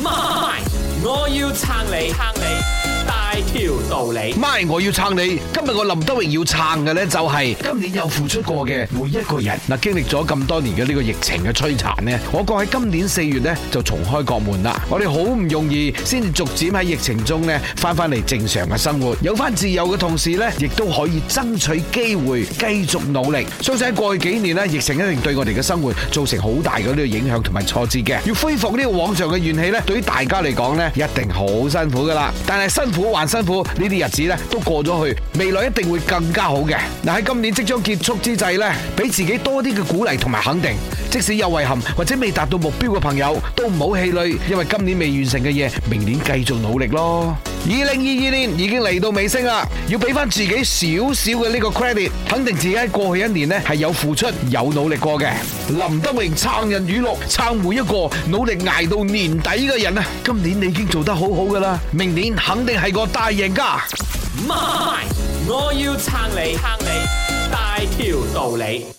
媽，My. 我要撐你，撐你大跳。MY，我要撐你。今日我林德榮要撐嘅咧，就係今年有付出過嘅每一個人。嗱，經歷咗咁多年嘅呢個疫情嘅摧殘咧，我國喺今年四月咧就重開國門啦。我哋好唔容易先至逐漸喺疫情中咧翻翻嚟正常嘅生活，有翻自由嘅同時咧，亦都可以爭取機會繼續努力。相信喺過去幾年咧，疫情一定對我哋嘅生活造成好大嘅呢個影響同埋挫折嘅。要恢復呢個往常嘅怨氣咧，對於大家嚟講咧，一定好辛苦噶啦。但係辛苦還辛苦，你。啲日子咧都過咗去，未來一定會更加好嘅。嗱，喺今年即將結束之際咧，俾自己多啲嘅鼓勵同埋肯定。即使有遺憾或者未達到目標嘅朋友，都唔好氣餒，因為今年未完成嘅嘢，明年繼續努力咯。二零二二年已經嚟到尾聲啦，要俾翻自己少少嘅呢個 credit，肯定自己喺過去一年呢係有付出有努力過嘅。林德榮撐人語錄，撐每一個努力挨到年底嘅人啊，今年你已經做得好好噶啦，明年肯定係個大贏家。MY，我要撐你撐你，大條道理。